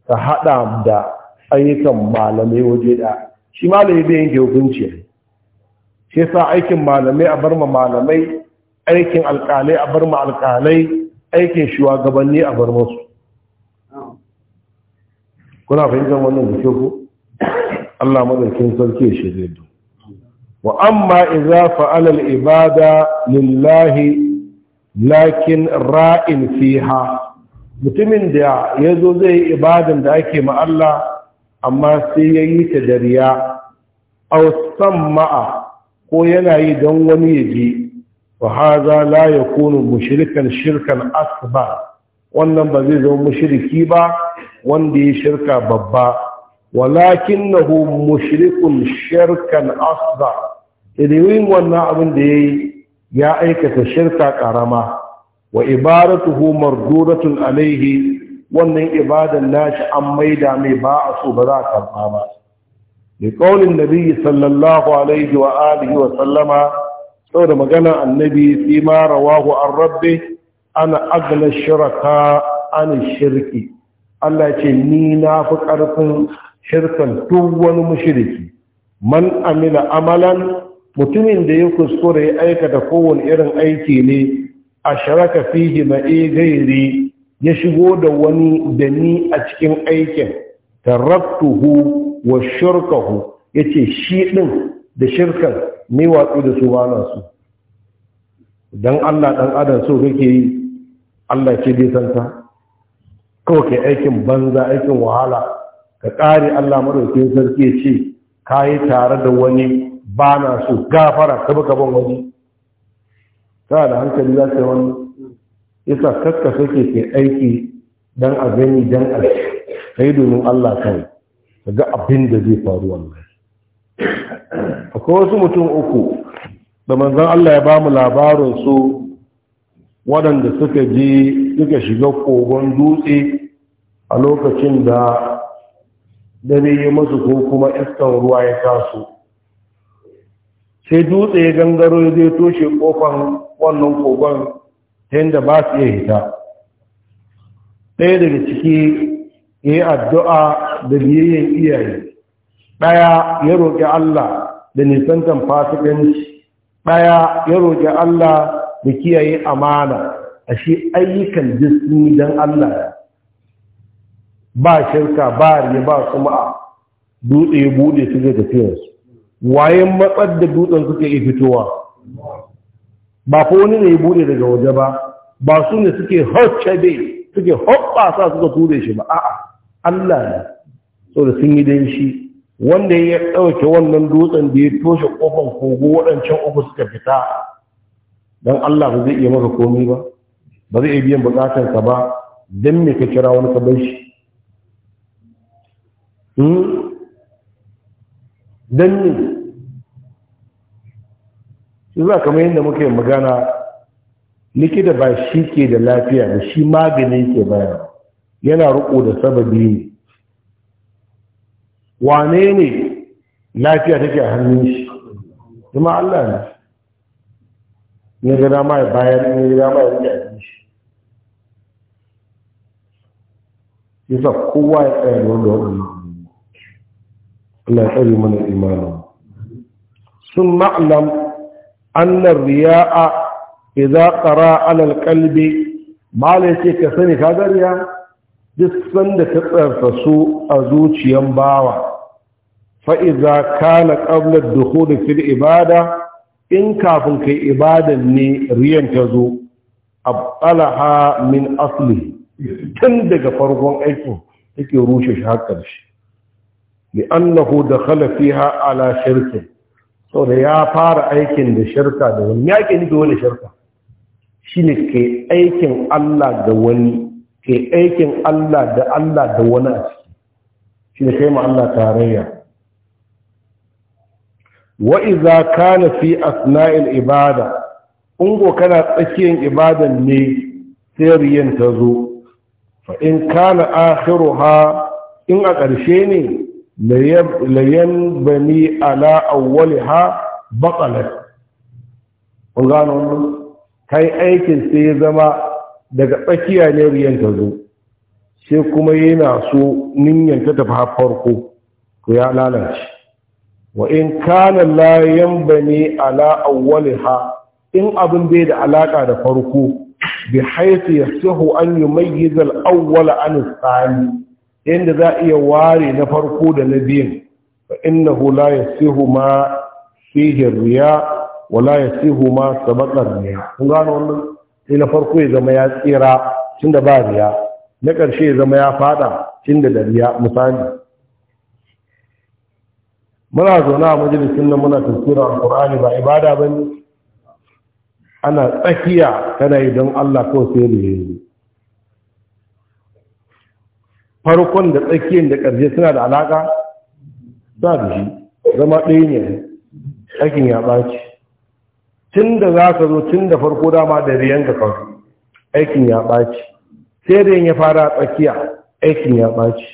ta haɗa da ayyukan malamai waje da shi malamai bai yanke hukunci shi yasa aikin malamai a bar ma malamai aikin alƙalai a bar ma alƙalai aikin shugabanni a bar musu kuna fahimtar wannan da ke ku Allah madaukin sarki ya shirye wa amma idza fa'ala al-ibada lillahi lakin ra'in fiha mutumin da ya zo zai yi ibadan da ake ma'alla amma sai ya yi ta dariya ausan ma'a ko yana yi don wani ya ji wa haza la ya kunu mushirikan shirkan asba wannan ba zai zama mushiriki ba wanda ya shirka babba walakin na hu mushirikun shirkan asba idewin wannan abin da ya yi ya aikata shirka karama wa ibaratuhu marduratun alihi wannan ibadan nashi an maida mai ba a so ba za a karba ba da kaulin nabi sallallahu alaihi wa alihi wa sallama saboda magana annabi fi ma rawahu an rabbi ana agna shiraka an shirki Allah ce ni na fi karfin shirkan duk wani mushriki man amila amalan mutumin da ya kuskure ya aikata kowane irin aiki ne a sharaka fihi ma'i gairi ya shigo da wani da ni a cikin aikin tarabtuhu wa shirkahu ce, shi ɗin da shirkan ne watsu da su bana su Don Allah ɗan adam so kake yi Allah ce bai santa. kawai aikin banza aikin wahala ka ƙare Allah madaukakin sarki ya ce yi tare da wani ba na so gafara ka baka ban waje ta da hankali za ta wani isa kakka sake ke aiki dan a gani dan a kai domin Allah kai ka ga abin da zai faru wannan akwai wasu mutum uku da manzon Allah ya ba mu labarin su waɗanda suka je suka shiga kogon dutse a lokacin da dare ya masu ko kuma iskan ruwa ya taso sai dutse ya gangaro ya zai toshe kofan wannan kogon ta yadda ba su iya hita ɗaya daga ciki ya yi addu'a da biyayyen iyaye ɗaya ya roƙi Allah da nisantan fasikanci ɗaya ya roƙi Allah da kiyaye amana a shi ayyukan jisni don Allah ba shirka ba riba kuma a dutse ya buɗe su ga tafiyarsu waye matsar da dutsen suke yi fitowa ba ko wani ne ya bude daga waje ba ba su ne suke be? suke sa suka ture shi ba a'a Allah ne saboda sun yi danshi, shi wanda ya ɗauke wannan dutsen da ya toshe ƙofar kogo waɗancan uku suka fita don Allah ba zai iya maka komi ba ba zai iya biyan bukatarka ba don me ka kira wani ka shi hmm? don ne shi za kamar yadda muka yi magana likita ba shi ke da lafiya da shi magani ke bayar yana riko da sababi ne wane ne lafiya take a hannun shi kuma Allah ne ya gada ma ya bayar ne ya gada ma ya rike a hannun shi yasa kowa ya tsaya da wanda Allah ya mana imanin sun ma'alam, annar riya'a idza qara ala alqalbi mala ce ka sani ka riya duk sanda ka tsarfa su a zuciyan bawa fa idza kana qabla ad-dukhul fil ibada in kafin kai ibadan ne riyan ta zo abalaha min asli tun daga farkon aikin yake rushe shi har ƙarshe li'annahu dakhala fiha ala shirkin da ya fara aikin da shirka da wani yaƙi nufi wani shirka shine ke aikin Allah da wani ke aikin Allah da Allah da wani a ciki shine kai ma Allah tarayya wa idza kana fi asna'il ibada in go kana tsakiyar ibadan ne sai riyan ta zo fa in kana akhiruha in a ƙarshe ne layan bani ala awwali ha baƙalar kun gano wannan kai aikin sai ya zama daga tsakiya ne ta zo sai kuma yana so ninyan ta tafi har farko to ya lalace wa in kana la yanbani ala awwaliha in abin bai da alaƙa da farko bi haythu yasihu an yumayyiz al-awwal an al yadda za a iya ware na farko da na biyun fa innahu la yasihu ma fihi riya wa la yasihu ma sabaqa riya kun gano wannan sai na farko ya zama ya tsira tunda ba riya na ƙarshe ya zama ya fada tunda da riya misali muna zauna a majalisin nan muna tafsira alkur'ani ba ibada ba ana tsakiya kana yi don allah ko sai ne farkon da tsakiyar da ƙarshe suna da alaƙa za da shi zama ɗaya ne aikin ya ɓaci tun da za ka zo tun da farko dama da riyan ka kawo aikin ya ɓaci sai da ya fara tsakiya aikin ya ɓaci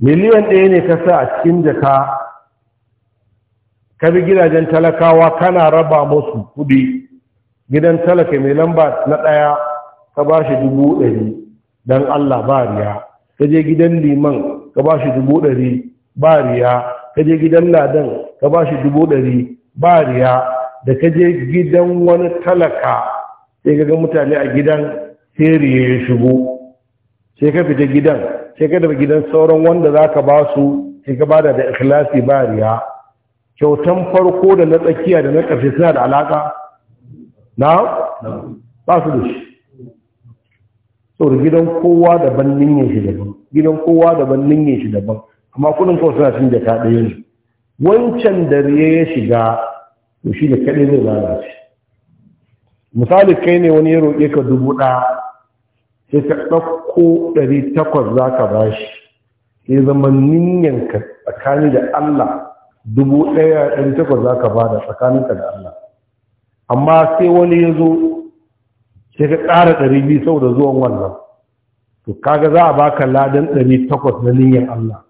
miliyan ɗaya ne ka sa a cikin jaka ka bi gidajen talakawa kana raba musu kuɗi gidan talaka mai lamba na ɗaya ka ba shi dubu ɗari Dan Allah ba riya ka je gidan liman ka ba shi dubu ɗari ba riya ka je gidan ladan ka bashi shi dubu ɗari ba riya da ka je gidan wani talaka sai ga mutane a gidan sai ya shigo sai ka fita gidan sai ka daga gidan sauran wanda za ka ba su sai ka bada da ikhlasi ba riya kyautan farko da na tsakiya da na ƙarshe suna da alaƙa na ba su da shi saboda gidan kowa daban ninyin shi daban gidan kowa daban ninyin shi daban amma kudin kawai suna cin jaka ɗaya ne wancan da ya shiga to shi da kaɗai zai lalace misali kai ne wani ya roƙe ka dubu ɗaya sai ka ɗauko ɗari takwas za ka ba shi sai zama ninyanka tsakani da Allah dubu ɗaya ɗari takwas za ka ba da tsakaninka da Allah amma sai wani ya zo sai ka ƙara ɗari biyu saboda zuwan wannan to kaga za a baka ladan ɗari takwas na niyyar Allah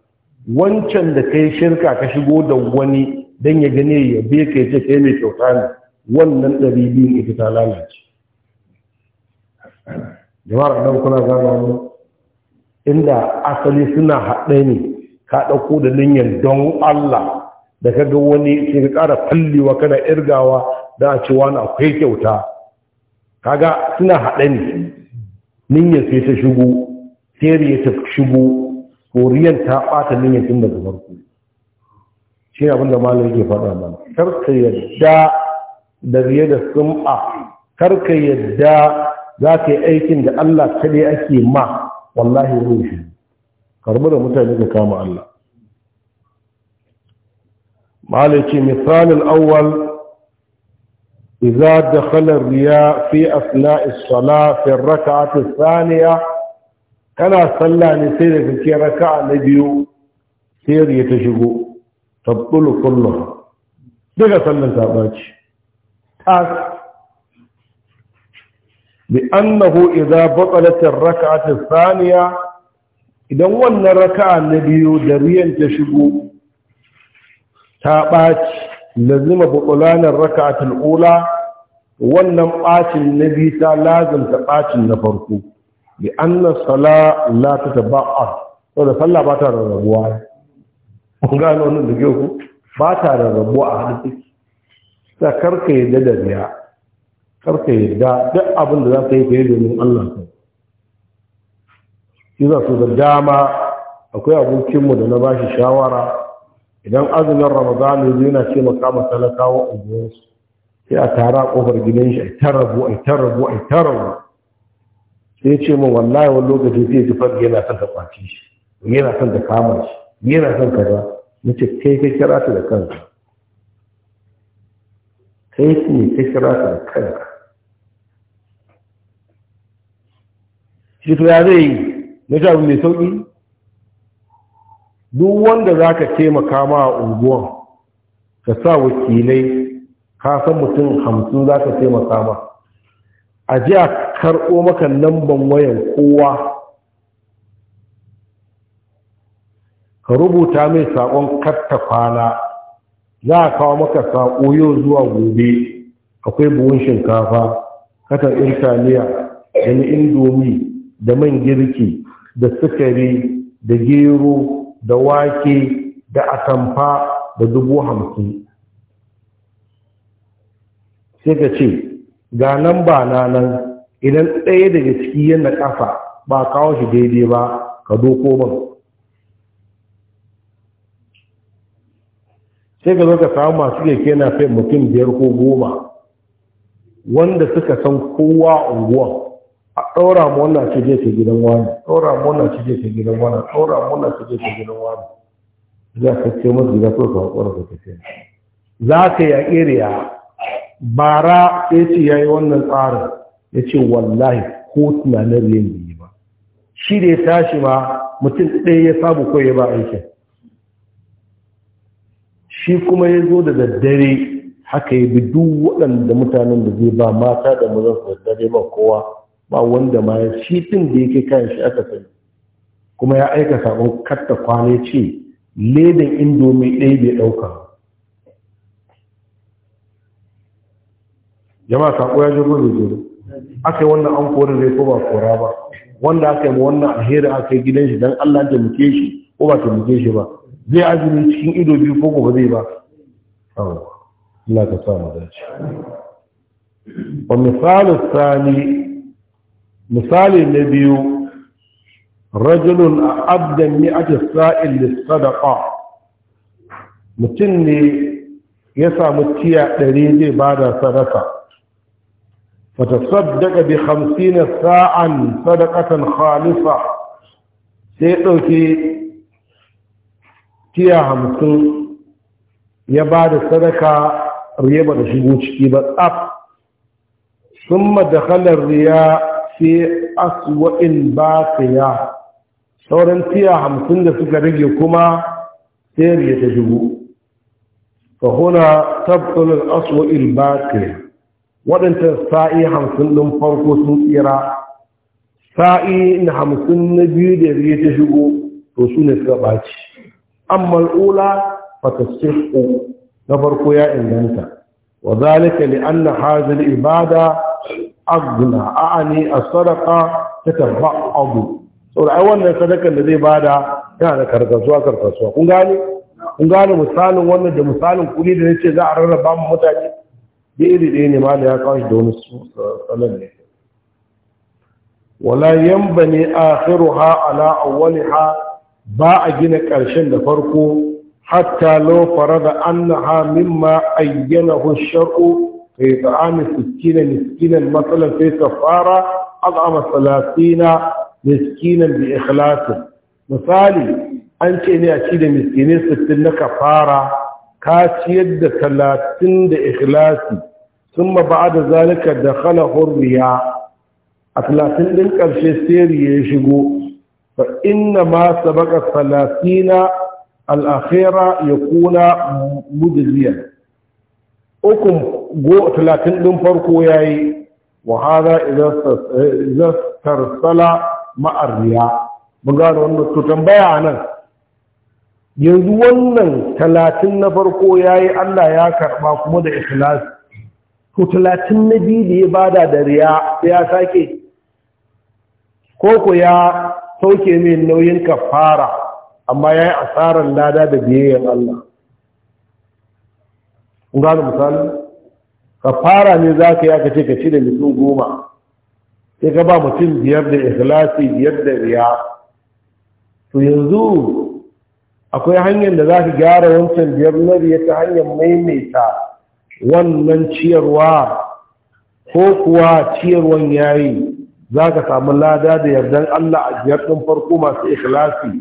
wancan da kai shirka ka shigo da wani don ya gane ya bi ka ce kai mai kyauta ne wannan ɗari biyun ita ta lalace jama'ar annabi kuna gano mu inda asali suna haɗe ne ka ɗauko da niyyar don Allah da kaga wani sai ka ƙara fallewa kana irgawa da a ci wani akwai kyauta kaga suna haɗe ne niyyar sai ta shigo ya ta shigo koriyan ta ɓata niyyar tun daga farko shi abin da malam yake faɗa mana karka yadda da riya da sum'a karka yadda za ka yi aikin da Allah kaɗai ake ma wallahi ruhi karbi da mutane ka kama Allah malam ce misalin awwal إذا دخل الرياء في أثناء الصلاة في الركعة الثانية كان صلى نسيرك في ركعة نبيو سير يتشقو تبطل كلها دقى صلى تاباج تاس لأنه إذا بطلت الركعة الثانية إذا ون ركعة نبيو دريا تشقو تاباج lazima buƙulanar raka'atul ula wannan ɓacin na biyu ta lazimta ɓacin na farko bi anna sala la tataba'a saboda sallah ba ta rarrabuwa kun gano wannan da ku ba ta rarrabuwa a hadisi ta karka yadda da biya karka yadda duk abin da za ka yi kai domin Allah ka shi za su da dama akwai abokinmu da na ba shi shawara idan azumin ramadan yanzu yana ce maka ma talakawa unguwarsu sai a tara kofar gidan shi a tarabu a tarabu a tarabu sai ce min wallahi wani lokaci sai ji farko yana son ta kwace shi yana son ta kama shi yana son ka za mu ce kai kai kira ta da kanka kai ne kai kira ta da kanka shi to ya zai yi na sha mai sauƙi duk wanda za ka taimaka ma a unguwan ka sa wakilai ka san mutum hamsin za ka taimaka ma a ji a karɓo maka lamban wayan kowa ka rubuta mai saƙon katta kwana za a kawo maka saƙo yau zuwa gobe akwai buhun shinkafa katon irtaniya da ni indomi da man girki da sukari da gero da wake da atamfa da dubu hamsin sai ka ce ga nan ba na nan idan ɗaya daga ciki yana ƙafa ba kawo shi daidai ba ka doko ban sai ka zo ka samu masu keke na fai mutum biyar ko goma wanda suka san kowa unguwan ɗora mu wannan ce je ta gidan wani ɗora mu wannan ce je ta gidan wani ɗora mu wannan ce je ta gidan wani za ka ce musu gida ko ka haƙura ka tafiya za ka yi a iriya bara ya ce ya yi wannan tsarin ya ce wallahi ko tunanin yin da yi ba shi da ya tashi ma mutum ɗaya ya samu ko ya ba aikin shi kuma ya zo da daddare haka ya bi duk waɗanda mutanen da zai ba mata da mazan su daddare ba kowa ba wanda ma shi din da yake kayan shi aka sani kuma ya aika sabon katta kwane ce ledan indomi ɗaya bai ɗauka jama'a sako ya jirgin da jiro aka yi wannan an kori zai ko ba kora ba wanda aka yi wannan alheri aka yi gidan shi don allah ta muke shi ko ba ta muke shi ba zai azumi cikin ido biyu ko ko ba zai ba Ina ka sa mu dace wa sani مثالي نبيو رجل أبدى مئة سائل للصدقة متني يسا متيا تريدي بعد صدقة فتصدق بخمسين ساعة صدقة خالصة سيئتك تيا همسون يا بعد صدقة ريبا تشيبوش كيبا أب ثم دخل الرياء sai aswa'in baqiya sauran tiya hamsin da suka rage kuma sai riya ta dubu fa huna aswa'in ba ka ya. wadanta sa'i hamsin ɗin farko sun tsira sa'i na hamsin na biyu da riya ta shigo to su ne suka ɓaci. amma mal'ula ula fa na farko ya inganta wa zalika li anna hadhihi al-ibada agna a'ani as-sadaqa tataba'adu saboda ai wannan sadakan da zai bada yana da karkasuwa karkasuwa kun gane kun gane misalin wannan da misalin kuɗi da nace za a rarraba mu mutane da iri ɗaya ne ma da ya kawo shi da wani sanan ne wala yanbani akhiruha ala awwaliha ba a gina ƙarshen da farko hatta law farada annaha mimma ayyanahu ash-shar'u فإطعام ستين مسكينا مثلا في كفارة أطعم ثلاثين مسكينا بإخلاص مثالي أنت إني أشيد مسكينين ستين كفارة كاشيد ثلاثين بإخلاصي ثم بعد ذلك دخله الرياء a talatin ɗin ƙarshe seri ya shigo fa inna ma sabaka talatina al'akhira ya kuna mujiziyar ukun talatin ɗin farko ya yi wa hada sala ma'ar riya mun gano wannan to tambaya nan yanzu wannan talatin na farko ya yi allah ya karɓa kuma da ikhlas to talatin na biyu da ya bada da riya ya sake koko ya sauke mai nauyin kafara amma ya yi asarar lada da biyayyen allah gano misali ka fara ne za ka yi aka ce ka ci da mutum goma sai ka ba mutum biyar da ikhlasi biyar da riya to yanzu akwai hanyar da za ka gyara wancan biyar na riya ta hanyar maimaita wannan ciyarwa ko kuwa ciyarwan yayi za ka samu lada da yardan Allah a biyar ɗin farko masu ikhlasi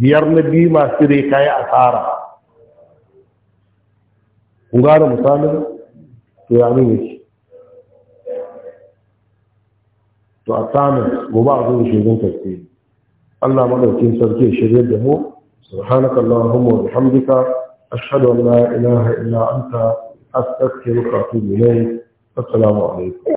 biyar na biyu masu reka ya asara. Ku gane misalin? to ya nuna shi to a tsami gobe a zuwa shirin tafsiri Allah maɗaukin sarki shirya da mu subhanaka allahumma wa bihamdika ashhadu an la ilaha illa anta astaghfiruka wa atubu ilayk assalamu alaikum